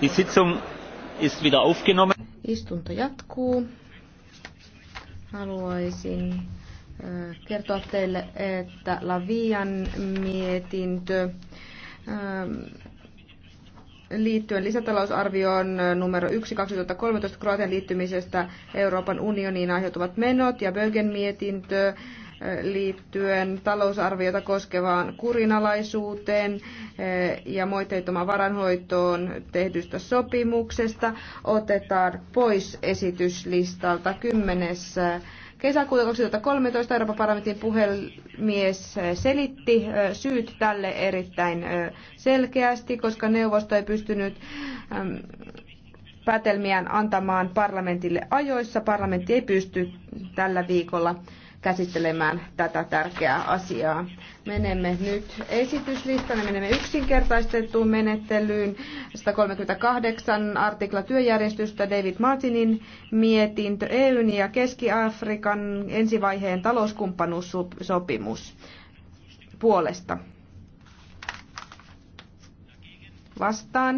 Die Sitzung ist wieder aufgenommen. Istunto jatkuu. Haluaisin äh, kertoa teille, että Lavian mietintö ähm, liittyen lisätalousarvioon numero 1 2013 Kroatian liittymisestä Euroopan unioniin aiheutuvat menot ja Bögen mietintö liittyen talousarviota koskevaan kurinalaisuuteen eh, ja moitteettomaan varanhoitoon tehdystä sopimuksesta otetaan pois esityslistalta 10. Eh, kesäkuuta 2013 Euroopan parlamentin puhemies eh, selitti syyt tälle erittäin selkeästi, koska neuvosto ei pystynyt ehm, päätelmiään antamaan parlamentille ajoissa. Parlamentti ei pysty tällä viikolla käsittelemään tätä tärkeää asiaa. Menemme nyt esityslistalle, menemme yksinkertaistettuun menettelyyn. 138 artikla työjärjestystä David Martinin mietintö EUn ja Keski-Afrikan ensivaiheen talouskumppanuussopimus puolesta. Vastaan.